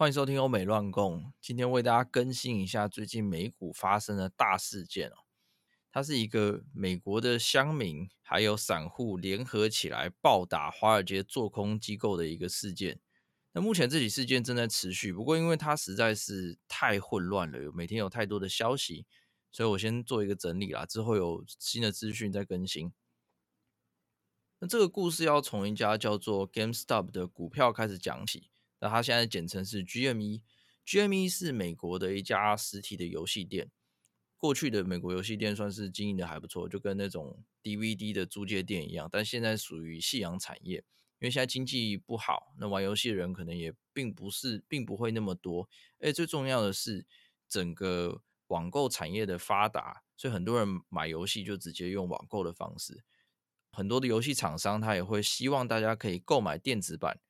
歡迎收聽《歐美亂共》。今天為大家更新一下最近美股發生的大事件哦。它是一個美國的鄉民還有散戶聯合起來暴打華爾街做空機構的一個事件。那目前這起事件正在持續，不過因為它實在是太混亂了，每天有太多的消息，所以我先做一個整理啦。之後有新的資訊再更新。那這個故事要從一家叫做 GameStop 的股票開始講起。那它現在簡稱是 GME，GME 是美國的一家實體的遊戲店。過去的美國遊戲店算是經營的還不錯，就跟那種 DVD 的租借店一樣，但現在屬於夕陽產業，因為現在經濟不好，那玩遊戲的人可能也並不是並不會那麼多。而、欸、最重要的是，整個網購產業的發達，所以很多人買遊戲就直接用網購的方式。很多的遊戲廠商他也會希望大家可以購買電子版。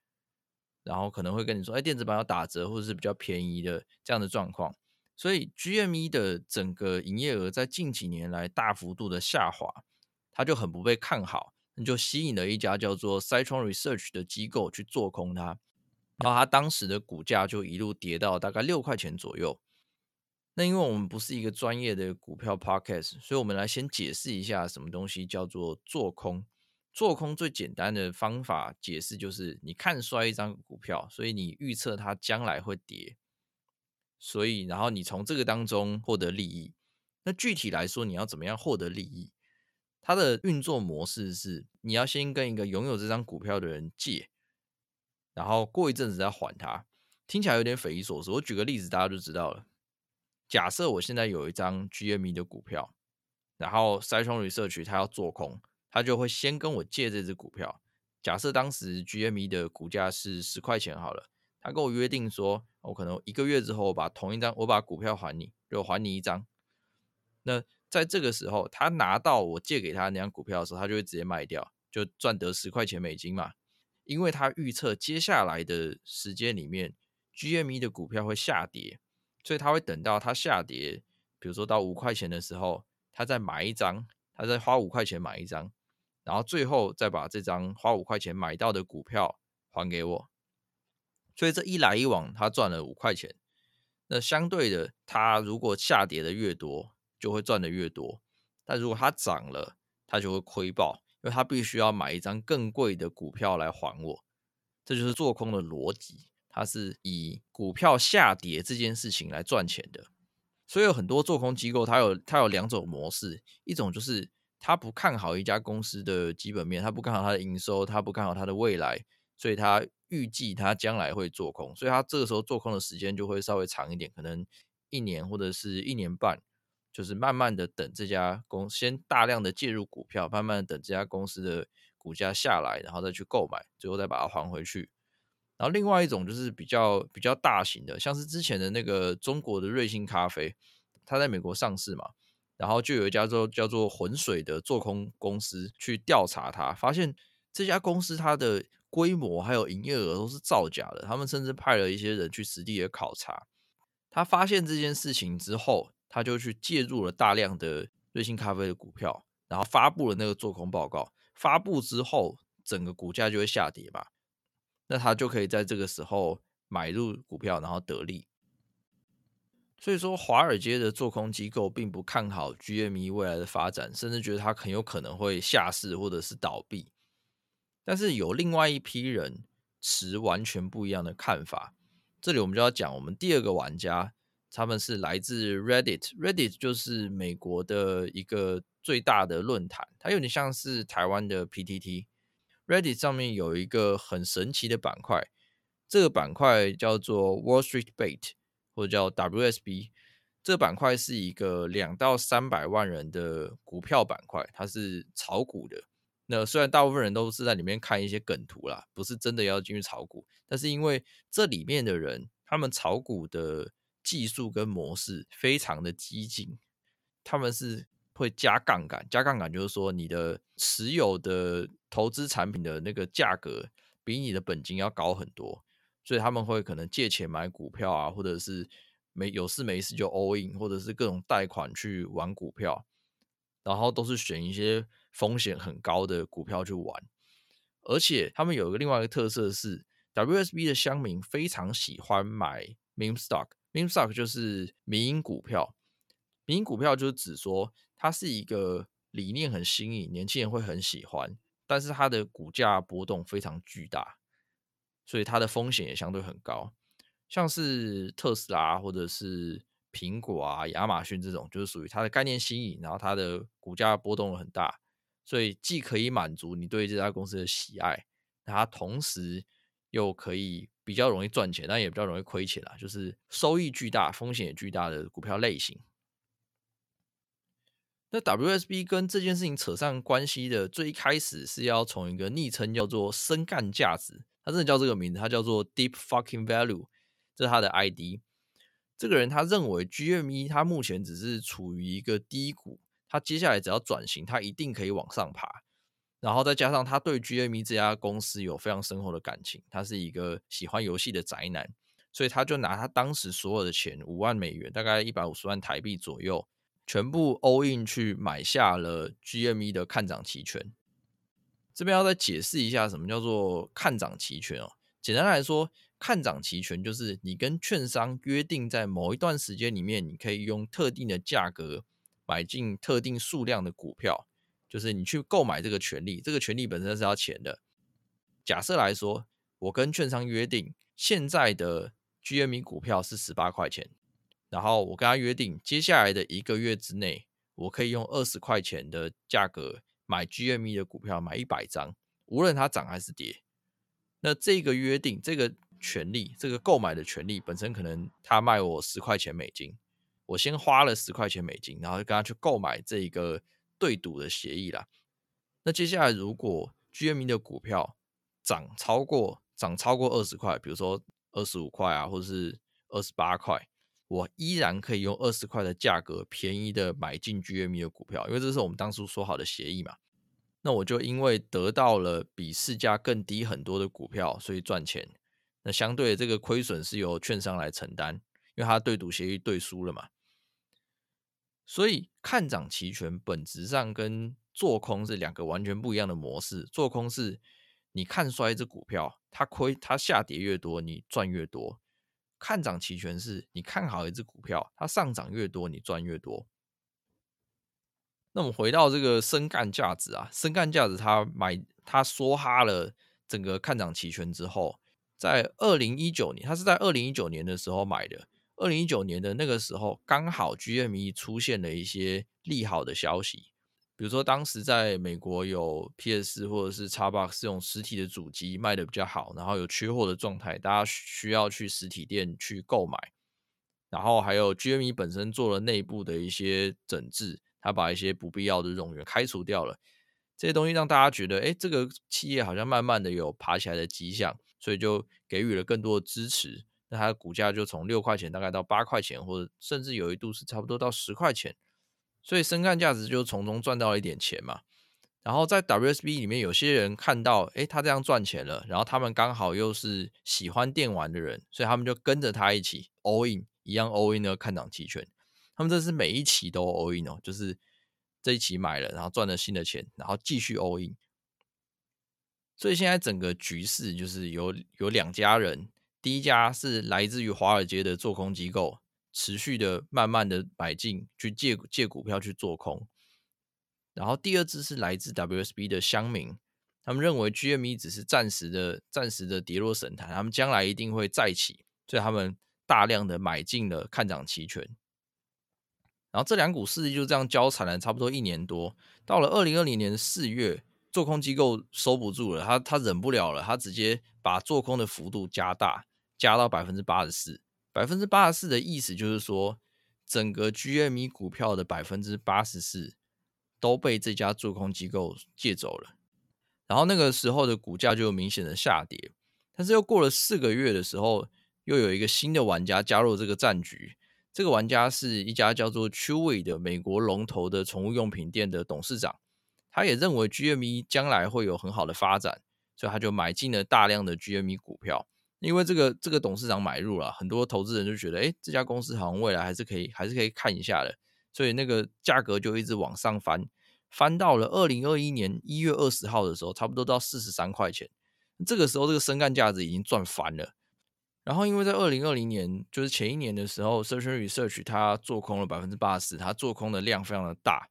然後可能會跟你說，哎，電子版要打折或者是比較便宜的這樣的狀況，所以 GME 的整個營業額在近幾年來大幅度的下滑，它就很不被看好，就吸引了一家叫做 Citron Research 的機構去做空它，然後它當時的股價就一路跌到大概六塊錢左右。那因為我們不是一個專業的股票 Podcast，所以我們來先解釋一下什麼東西叫做做空。做空最簡單的方法解釋就是，你看衰一張股票，所以你預測它將來會跌，所以然後你從這個當中獲得利益。那具體來說，你要怎麼樣獲得利益？它的運作模式是，你要先跟一個擁有這張股票的人借，然後過一陣子再還他。聽起來有點匪夷所思。我舉個例子，大家就知道了。假設我現在有一張 GME 的股票，然後 Citron Research 它要做空。他就會先跟我借這隻股票，假設當時 GME 的股價是十塊錢好了，他跟我約定說，我可能一個月之後我把同一張我把股票還你，就還你一張。那在這個時候，他拿到我借給他那張股票的時候，他就會直接賣掉，就賺得十塊錢美金嘛。因為他預測接下來的時間裡面，GME 的股票會下跌，所以他會等到它下跌，比如說到五塊錢的時候，他再買一張，他再花五塊錢買一張。然後最後再把這張花五塊錢買到的股票還給我，所以這一來一往，他賺了五塊錢。那相對的，他如果下跌的越多，就會賺的越多；但如果它漲了，它就會虧爆，因為它必須要買一張更貴的股票來還我。這就是做空的邏輯，它是以股票下跌這件事情來賺錢的。所以有很多做空機構，它有它有兩種模式，一種就是。他不看好一家公司的基本面，他不看好它的營收，他不看好它的未來，所以他預計他將來會做空，所以他這個時候做空的時間就會稍微長一點，可能一年或者是一年半，就是慢慢的等這家公司先大量的介入股票，慢慢的等這家公司的股價下來，然後再去購買，最後再把它還回去。然後另外一種就是比較比較大型的，像是之前的那個中國的瑞幸咖啡，它在美國上市嘛。然後就有一家叫做叫做渾水的做空公司去調查他，發現這家公司它的規模還有營業額都是造假的。他們甚至派了一些人去實地的考察。他發現這件事情之後，他就去介入了大量的瑞幸咖啡的股票，然後發布了那個做空報告。發布之後，整個股價就會下跌嘛，那他就可以在這個時候買入股票，然後得利。所以說，華爾街的做空機構並不看好 GME 未來的發展，甚至覺得它很有可能會下市或者是倒閉。但是有另外一批人持完全不一樣的看法。這裡我們就要講我們第二個玩家，他們是來自 Reddit。Reddit 就是美國的一個最大的論壇，它有點像是台灣的 PTT。Reddit 上面有一個很神奇的板塊，這個板塊叫做 Wall Street Bets。或者叫 WSB，這板塊是一個兩到三百萬人的股票板塊，它是炒股的。那雖然大部分人都是在裡面看一些梗圖啦，不是真的要進去炒股，但是因為這裡面的人，他們炒股的技術跟模式非常的激進，他們是會加槓桿。加槓桿就是說，你的持有的投資產品的那個價格比你的本金要高很多。所以他們會可能借錢買股票啊，或者是沒有事沒事就 all in，或者是各種貸款去玩股票，然後都是選一些風險很高的股票去玩。而且他們有一個另外一個特色是，WSB 的鄉民非常喜歡買 meme stock，meme stock 就是迷因股票。迷因股票就是指說它是一個理念很新穎，年輕人會很喜歡，但是它的股價波動非常巨大。所以它的風險也相對很高，像是特斯拉或者是蘋果啊、亞馬遜這種，就是屬於它的概念新穎，然後它的股價波動很大，所以既可以滿足你對這家公司的喜愛，它同時又可以比較容易賺錢，但也比較容易虧錢，就是收益巨大、風險也巨大的股票類型。那 W S B 跟這件事情扯上關係的，最開始是要從一個昵稱叫做“深幹價值”。他真的叫這個名字，他叫做 Deep Fucking Value，這是他的 ID。這個人他認為 GME 他目前只是處於一個低谷，他接下來只要轉型，他一定可以往上爬。然後再加上他對 GME 這家公司有非常深厚的感情，他是一個喜歡遊戲的宅男，所以他就拿他當時所有的錢五萬美元，大概一百五十萬台幣左右，全部 all in 去買下了 GME 的看漲期權。這邊要再解釋一下，什麼叫做看漲期權哦？簡單來說，看漲期權就是你跟券商約定，在某一段時間裡面，你可以用特定的價格買進特定數量的股票，就是你去購買這個權利。這個權利本身是要錢的。假設來說，我跟券商約定，現在的 GME 股票是十八塊錢，然後我跟他約定，接下來的一個月之內，我可以用二十塊錢的價格。買 GME 的股票，買一百張，無論它漲還是跌，那這個約定、這個權利、這個購買的權利本身，可能他賣我十塊錢美金，我先花了十塊錢美金，然後就跟他去購買這個對賭的協議啦。那接下來，如果 GME 的股票漲超過漲超過二十塊，比如說二十五塊啊，或是二十八塊。我依然可以用二十塊的價格便宜的買進 GME 的股票，因為這是我們當初說好的協議嘛。那我就因為得到了比市價更低很多的股票，所以賺錢。那相對的這個虧損是由券商來承擔，因為它對賭協議對輸了嘛。所以看漲期權本質上跟做空是兩個完全不一樣的模式。做空是你看衰一隻股票，它虧，它下跌越多，你賺越多。看漲期權是你看好一隻股票，它上漲越多，你賺越多。那我們回到這個深幹價值啊，深幹價值它買它梭哈了整個看漲期權之後，在二零一九年，它是在二零一九年的時候買的。二零一九年的那個時候，剛好 GME 出現了一些利好的消息。比如說，當時在美國有 PS 或者是 Xbox 這種實體的主機賣的比較好，然後有缺貨的狀態，大家需要去實體店去購買。然後還有 GME 本身做了內部的一些整治，它把一些不必要的冗員開除掉了，這些東西讓大家覺得，哎、欸，這個企業好像慢慢的有爬起來的跡象，所以就給予了更多的支持。那它的股價就從六塊錢大概到八塊錢，或者甚至有一度是差不多到十塊錢。所以深看價值就從中賺到了一點錢嘛，然後在 WSB 裡面，有些人看到，誒、欸，他這樣賺錢了，然後他們剛好又是喜歡電玩的人，所以他們就跟着他一起 all in，一樣 all in 的看漲期權，他們這是每一期都 all in 哦，就是這一期買了，然後賺了新的錢，然後繼續 all in。所以現在整個局勢就是有有兩家人，第一家是來自於華爾街的做空機構。持續的慢慢的買進去借借股票去做空，然後第二支是來自 WSB 的鄉民，他們認為 GME 只是暫時的暫時的跌落神壇，他們將來一定會再起，所以他們大量的買進了看漲期權。然後這兩股勢力就這樣交纏了差不多一年多，到了二零二零年四月，做空機構收不住了，他他忍不了了，他直接把做空的幅度加大，加到百分之八十四。百分之八十四的意思就是說，整個 GME 股票的百分之八十四都被這家做空機構借走了，然後那個時候的股價就明顯的下跌。但是又過了四個月的時候，又有一個新的玩家加入這個戰局。這個玩家是一家叫做 Chewy 的美國龍頭的寵物用品店的董事長，他也認為 GME 將來會有很好的發展，所以他就買進了大量的 GME 股票。因為這個這個董事長買入了，很多投資人就覺得，誒這家公司好像未來還是可以，還是可以看一下的，所以那個價格就一直往上翻，翻到了二零二一年一月二十號的時候，差不多到四十三塊錢。這個時候，這個深幹價值已經賺翻了。然後，因為在二零二零年，就是前一年的時候，Citron Research 它做空了百分之八十，它做空的量非常的大，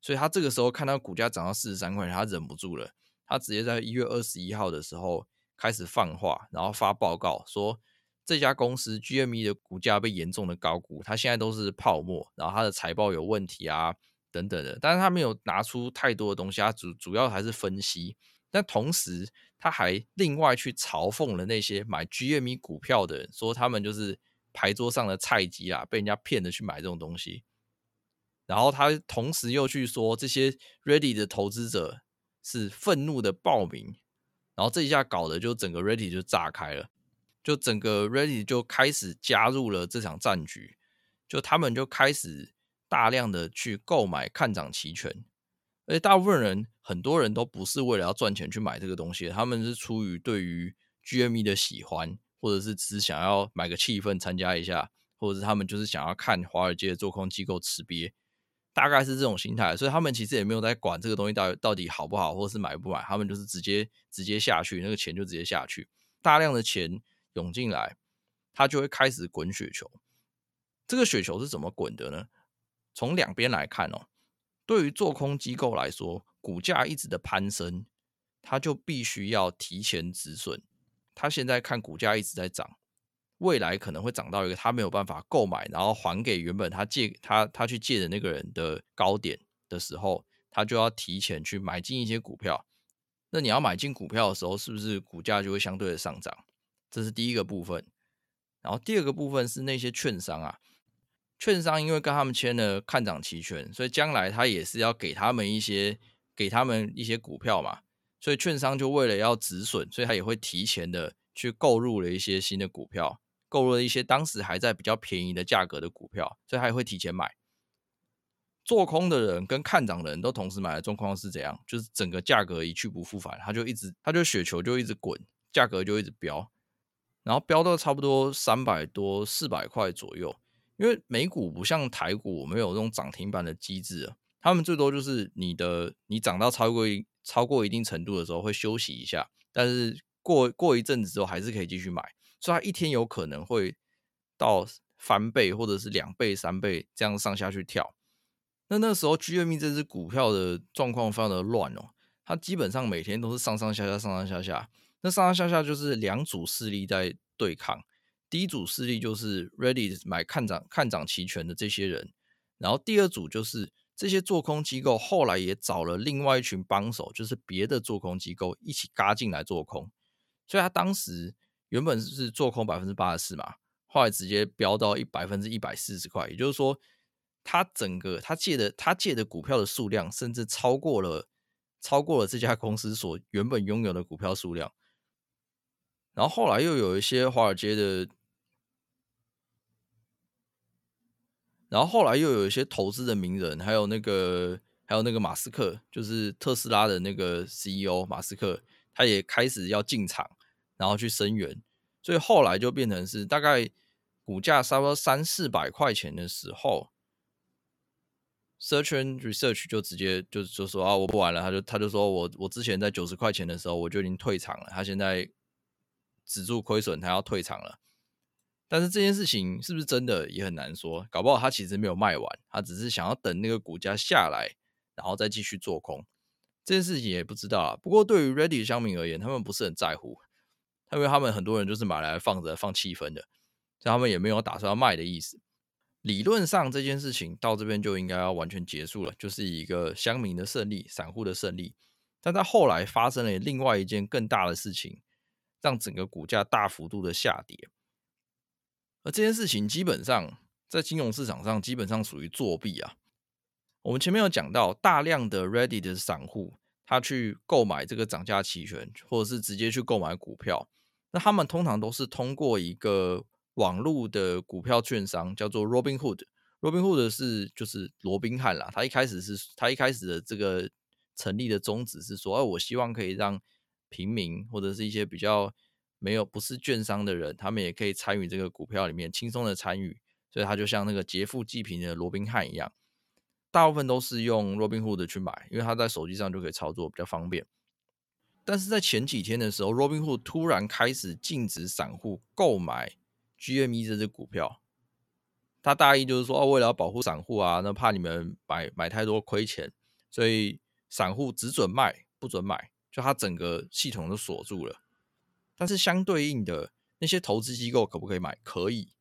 所以他這個時候看到股價漲到四十三塊錢，他忍不住了，他直接在一月二十一號的時候，開始放話，然後發報告說這家公司 GME 的股價被嚴重的高估，它現在都是泡沫，然後它的財報有問題啊，等等的。但是他沒有拿出太多的東西，他主主要還是分析。但同時，他還另外去嘲諷了那些買 GME 股票的人，說他們就是牌桌上的菜雞啦，被人家騙了去買這種東西。然後他同時又去說，這些 Reddit 的投資者是憤怒的暴民。然後這一下搞得就整個 Reddit 就炸開了，就整個 Reddit 就開始加入了這場戰局，就他們就開始大量的去購買看漲期權，而且大部分人、很多人都不是為了要賺錢去買這個東西，他們是出於對於 GME 的喜歡，或者是只是想要買個氣氛參加一下，或者是他們就是想要看華爾街的做空機構吃癟。大概是這種心態，所以他們其實也沒有在管這個東西到到底好不好，或是買不買，他們就是直接直接下去，那個錢就直接下去，大量的錢湧進來，他就會開始滾雪球。這個雪球是怎麼滾的呢？從兩邊來看哦，對於做空機構來說，股價一直的攀升，它就必須要提前止損。他現在看股價一直在漲。未來可能會漲到一個他沒有辦法購買，然後還給原本他借他他去借的那個人的高點的時候，他就要提前去買進一些股票。那你要買進股票的時候，是不是股價就會相對的上漲？這是第一個部分。然後第二個部分是那些券商啊，券商因為跟他們簽了看漲期權，所以將來他也是要給他們一些給他們一些股票嘛。所以券商就為了要止損，所以他也會提前的去購入了一些新的股票。購入了一些當時還在比較便宜的價格的股票，所以他也會提前買。做空的人跟看漲的人都同時買的狀況是怎樣？就是整個價格一去不復返，他就一直他就雪球就一直滾，價格就一直飆，然後飆到差不多三百多四百塊左右。因為美股不像台股沒有這種漲停板的機制，啊，他們最多就是你的你漲到超過一超過一定程度的時候會休息一下，但是過過一陣子之後還是可以繼續買。所以他一天有可能會到翻倍，或者是兩倍、三倍這樣上下去跳。那那時候，GME 這支股票的狀況非常的亂哦。它基本上每天都是上上下下、上上下下。那上上下下就是兩組勢力在對抗。第一組勢力就是 Reddit 買看漲、看漲期權的這些人，然後第二組就是這些做空機構。後來也找了另外一群幫手，就是別的做空機構一起嘎進來做空。所以他當時。原本是做空百分之八十四嘛，後來直接飆到百分之一百四十塊，也就是說，他整個他借的他借的股票的數量，甚至超過了超過了這家公司所原本擁有的股票數量。然後後來又有一些華爾街的，然後後來又有一些投資的名人，還有那個還有那個馬斯克，就是特斯拉的那個 CEO 馬斯克，他也開始要進場。然後去聲援，所以後來就變成是大概股價差不多三四百塊錢的時候 Citron Research 就直接就就說，啊我不玩了，他就他就說我我之前在九十塊錢的時候我就已經退場了，他現在止住虧損，他要退場了。但是這件事情是不是真的也很難說，搞不好他其實沒有賣完，他只是想要等那個股價下來然後再繼續做空，這件事情也不知道。不過對於 Reddit 鄉民而言，他們不是很在乎。因為他們很多人就是買來放着放氣氛的，所以他們也沒有打算要賣的意思。理論上這件事情到這邊就應該要完全結束了，就是一個鄉民的勝利，散戶的勝利。但在後來發生了另外一件更大的事情，讓整個股價大幅度的下跌。而這件事情基本上在金融市場上基本上屬於作弊啊。我們前面有講到，大量的 Reddit 的散戶他去購買這個漲價期權，或者是直接去購買股票。那他們通常都是通過一個網絡的股票券商，叫做 Robinhood。Robinhood 是就是羅賓漢啦，他一開始是他一開始的這個成立的宗旨是說，我希望可以讓平民或者是一些比較沒有不是券商的人，他們也可以參與這個股票裡面，輕鬆的參與。所以他就像那個劫富濟貧的羅賓漢一樣，大部分都是用 Robinhood 去買，因為他在手機上就可以操作，比較方便。但是在前幾天的時候，Robinhood 突然開始禁止散戶購買 GME 這支股票。他大意就是說，哦，為了要保護散戶啊，那怕你們買買太多虧錢，所以散戶只准賣，不准買，就他整個系統都鎖住了。但是相對應的，那些投資機構可不可以買？可以。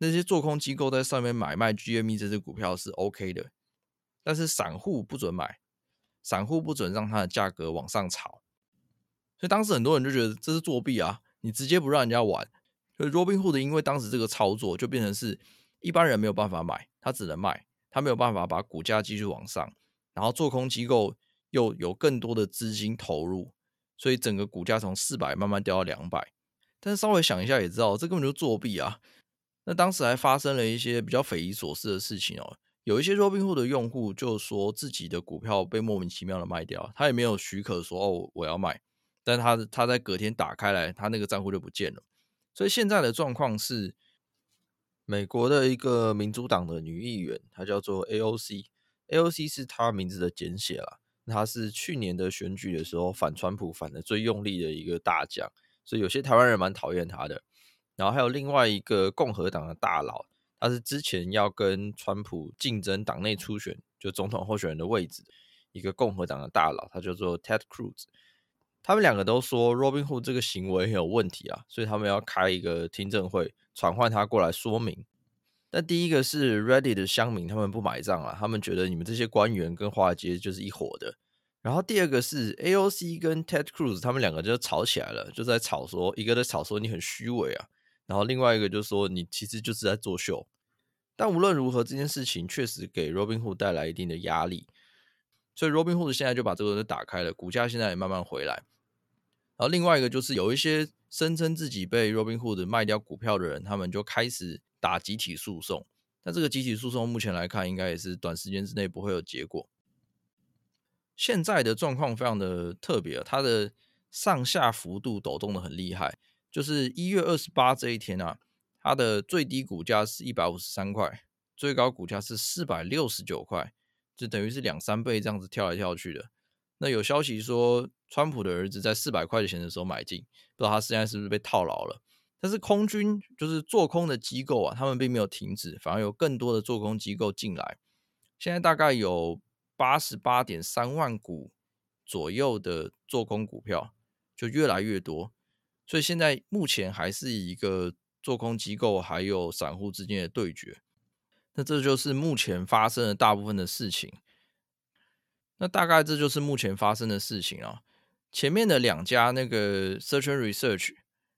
那些做空機構在上面買賣 GME 這支股票是 OK 的，但是散戶不准買，散戶不准讓它的價格往上炒。所以當時很多人就覺得這是作弊啊！你直接不讓人家玩，所以 Robinhood 因為當時這個操作就變成是一般人沒有辦法買，他只能賣，他沒有辦法把股價繼續往上。然後做空機構又有更多的資金投入，所以整個股價從四百慢慢掉到兩百。但是稍微想一下也知道，這根本就作弊啊！那當時還發生了一些比較匪夷所思的事情哦、喔，有一些 Robinhood 的用戶就說自己的股票被莫名其妙的賣掉，他也沒有許可說哦我要賣。但他他在隔天打開來，他那個賬戶就不見了。所以現在的狀況是，美國的一個民主黨的女議員，她叫做 AOC，AOC 是她名字的簡寫啦。她是去年的選舉的時候反川普反的最用力的一個大將，所以有些台灣人蠻討厭她的。然後還有另外一個共和黨的大佬，他是之前要跟川普競爭黨內初選，就總統候選人的位置的，一個共和黨的大佬，他叫做 Ted Cruz。他們兩個都說，Robinhood 這個行為很有問題啊，所以他們要開一個聽證會，傳喚他過來說明。但第一個是 Reddit 的鄉民，他們不買賬啊，他們覺得你們這些官員跟華爾街就是一夥的。然後第二個是 AOC 跟 Ted Cruz，他們兩個就吵起來了，就在吵說，一個在吵說你很虛偽啊，然後另外一個就說你其實就是在作秀。但無論如何，這件事情確實給 Robinhood 帶來一定的壓力，所以 Robinhood 現在就把這個都打開了，股價現在也慢慢回來。而另外一個就是有一些聲稱自己被 Robinhood 賣掉股票的人，他們就開始打集體訴訟。但這個集體訴訟目前來看，應該也是短時間之內不會有結果。現在的狀況非常的特別啊，它的上下幅度抖動的很厲害。就是一月二十八這一天啊，它的最低股價是一百五十三塊，最高股價是四百六十九塊，就等於是兩三倍這樣子跳來跳去的。那有消息說，川普的兒子在四百塊錢的時候買進，不知道他現在是不是被套牢了。但是空軍就是做空的機構啊，他們並沒有停止，反而有更多的做空機構進來。現在大概有八十八點三萬股左右的做空股票，就越來越多。所以現在目前還是一個做空機構還有散戶之間的對決。那這就是目前發生的大部分的事情。那大概這就是目前發生的事情哦、啊，前面的兩家那個 Search and Research，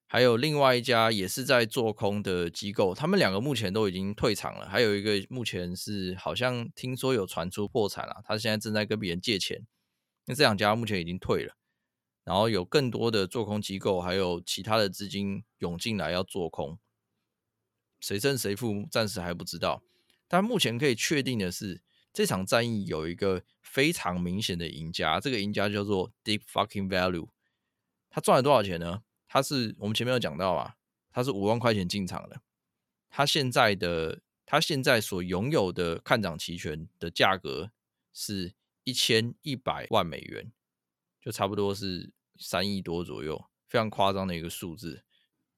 還有另外一家也是在做空的機構，他們兩個目前都已經退場了。還有一個目前是好像聽說有傳出破產了，他現在正在跟別人借錢。那這兩家目前已經退了，然後有更多的做空機構還有其他的資金湧進來要做空，誰勝誰負暫時還不知道。但目前可以確定的是，這場戰役有一個非常明顯的贏家，這個贏家叫做 Deep Fucking Value。他賺了多少錢呢？他是我們前面有講到啊，他是五萬塊錢進場的。他現在的他現在所擁有的看漲期權的價格是一千一百萬美元，就差不多是三億多左右，非常誇張的一個數字。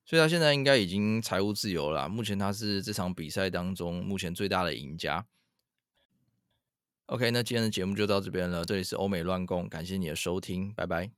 所以他現在應該已經財務自由了啦。目前他是這場比賽當中目前最大的贏家。OK，那今天的節目就到這邊了。這裡是歐美亂共，感謝你的收聽，拜拜。